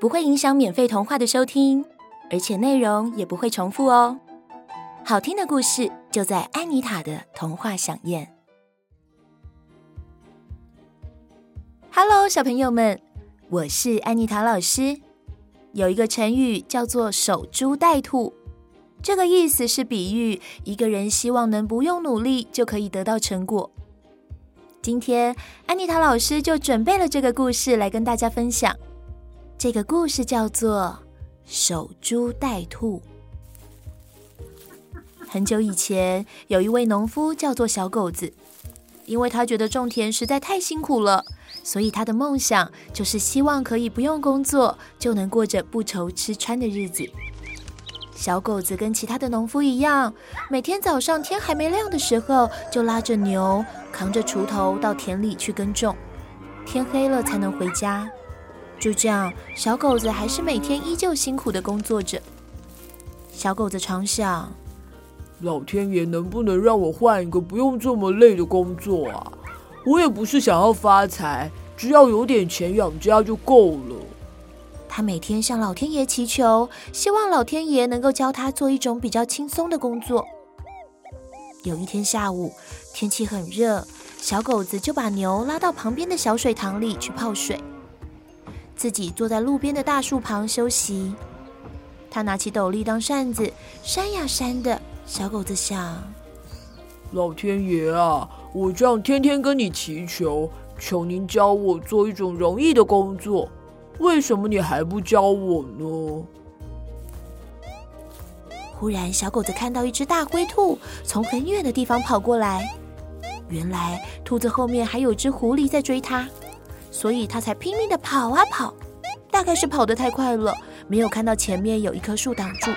不會影響免費童話的收聽，而且內容也不會重複哦。好聽的故事就在安妮塔的童話饗宴。Hello，小朋友們，我是安妮塔老師。有一個成語叫做“守株待兔”，這個意思是比喻一個人希望能不用努力就可以得到成果。今天，安妮塔老師就準備了這個故事來跟大家分享。這個故事叫做《守株待兔》。很久以前，有一位農夫叫做小狗子，因為他覺得種田實在太辛苦了，所以他的夢想就是希望可以不用工作，就能過着不愁吃穿的日子。小狗子跟其他的農夫一樣，每天早上天還沒亮的時候，就拉着牛，扛着鋤頭到田裡去耕種，天黑了才能回家。就這樣，小狗子還是每天依舊辛苦的工作着。小狗子常想：老天爺能不能讓我換一個不用這麼累的工作啊？我也不是想要發財，只要有點錢養家就夠了。他每天向老天爺祈求，希望老天爺能夠教他做一種比較輕鬆的工作。有一天下午，天氣很熱，小狗子就把牛拉到旁邊的小水塘裡去泡水。自己坐在路邊的大樹旁休息，他拿起斗笠當扇子扇呀扇的。小狗子想：“老天爺啊，我這樣天天跟你祈求，求您教我做一種容易的工作，為什麼你還不教我呢？”忽然，小狗子看到一隻大灰兔從很遠的地方跑過來，原來兔子後面還有只狐狸在追它。所以他才拼命地跑啊跑，大概是跑得太快了，沒有看到前面有一棵樹擋住。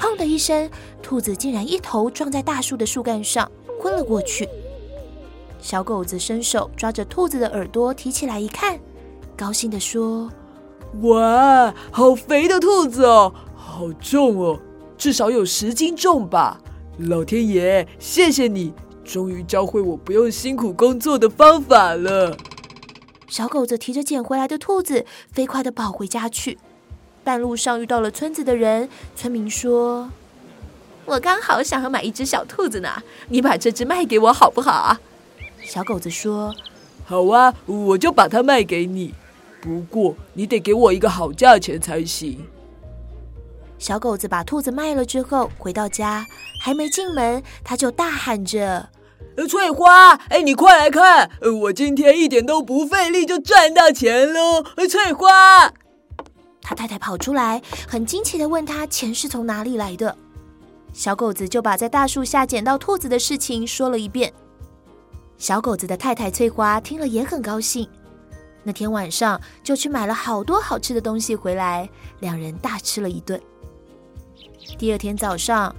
砰的一聲，兔子竟然一頭撞在大樹的樹幹上，昏了過去。小狗子伸手抓着兔子的耳朵提起來一看，高興地說：“哇，好肥的兔子哦，好重哦，至少有十斤重吧！老天爺，謝謝你，終於教會我不用辛苦工作的方法了。”小狗子提着撿回來的兔子，飛快地跑回家去。半路上遇到了村子的人，村民說：“我剛好想要買一隻小兔子呢，你把這隻賣給我好不好啊？”小狗子說：“好啊，我就把它賣給你，不過你得給我一個好價錢才行。”小狗子把兔子賣了之後，回到家還沒進門，他就大喊着。呃，翠花，哎，你快來看，呃，我今天一點都不費力就賺到錢嘍，呃，翠花。他太太跑出來，很驚奇地問他錢是從哪裡來的。小狗子就把在大樹下撿到兔子的事情說了一遍。小狗子的太太翠花聽了也很高興，那天晚上就去買了好多好吃的東西回來，兩人大吃了一頓。第二天早上。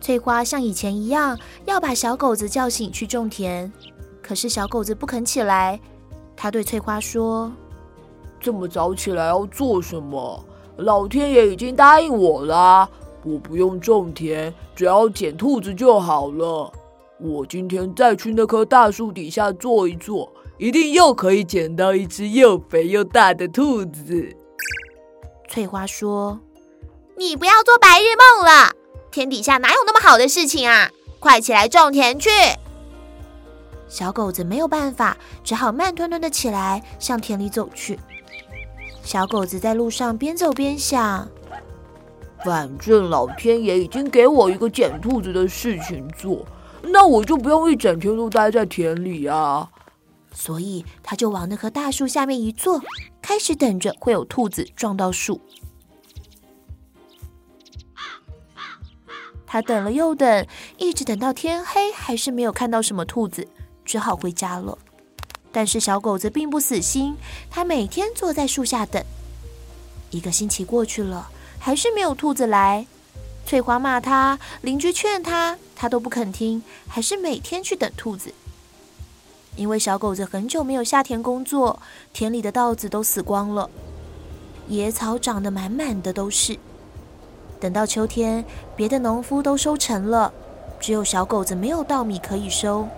翠花像以前一樣要把小狗子叫醒去種田，可是小狗子不肯起來。他對翠花說：“這麼早起來要做什麼？老天爺已經答應我啦，我不用種田，只要撿兔子就好了。我今天再去那棵大樹底下坐一坐，一定又可以撿到一隻又肥又大的兔子。”翠花說：“你不要做白日夢了。”天底下哪有那麼好的事情啊！快起來種田去！小狗子沒有辦法，只好慢吞吞地起來，向田裡走去。小狗子在路上邊走邊想：反正老天爺已經給我一個撿兔子的事情做，那我就不用一整天都待在田裡啊！所以，他就往那棵大樹下面一坐，開始等着會有兔子撞到樹。他等了又等，一直等到天黑，還是沒有看到什麼兔子，只好回家了。但是小狗子並不死心，他每天坐在樹下等。一個星期過去了，還是沒有兔子來。翠花罵他，鄰居勸他，他都不肯聽，還是每天去等兔子。因為小狗子很久沒有下田工作，田裡的稻子都死光了，野草長得滿滿的都是。等到秋天，別的農夫都收成了，只有小狗子沒有稻米可以收。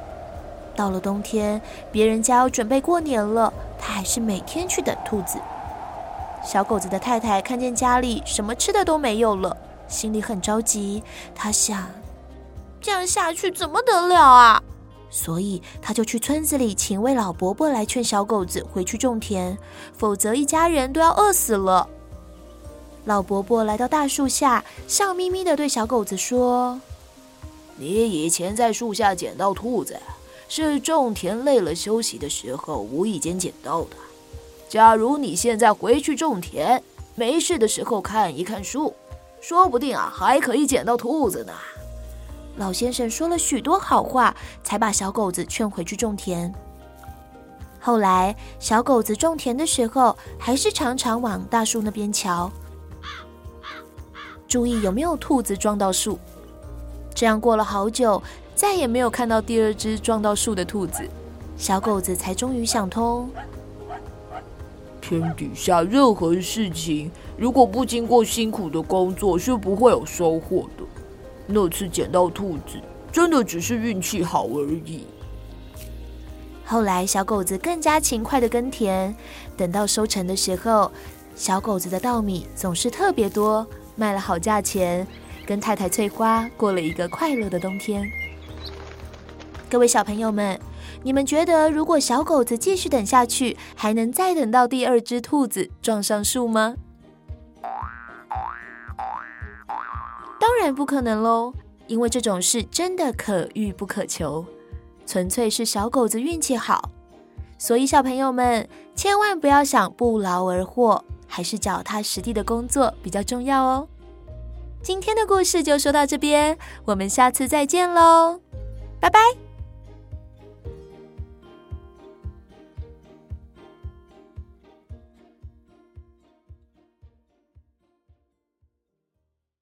到了冬天，別人家要準備過年了，他還是每天去等兔子。小狗子的太太看見家裡什麼吃的都沒有了，心裡很着急。他想，這樣下去怎麼得了啊？所以他就去村子裡請位老伯伯來勸小狗子回去種田，否則一家人都要餓死了。老伯伯來到大樹下，笑眯眯地對小狗子說：“你以前在樹下撿到兔子，是種田累了休息的時候無意間撿到的。假如你現在回去種田，沒事的時候看一看樹，說不定啊，還可以撿到兔子呢。”老先生說了許多好話，才把小狗子勸回去種田。後來，小狗子種田的時候，還是常常往大樹那邊瞧。注意有沒有兔子撞到樹。這樣過了好久，再也沒有看到第二隻撞到樹的兔子。小狗子才終於想通，天底下任何事情，如果不經過辛苦的工作，是不會有收穫的。那次撿到兔子，真的只是運氣好而已。後來，小狗子更加勤快地耕田。等到收成的時候，小狗子的稻米總是特別多。賣了好價錢，跟太太翠花過了一個快樂的冬天。各位小朋友們，你們覺得如果小狗子繼續等下去，還能再等到第二隻兔子撞上樹嗎？當然不可能嘍，因為這種事真的可遇不可求，純粹是小狗子運氣好。所以小朋友們，千萬不要想不勞而獲。還是腳踏實地的工作比較重要哦。今天的故事就說到這邊，我們下次再見嘍，拜拜。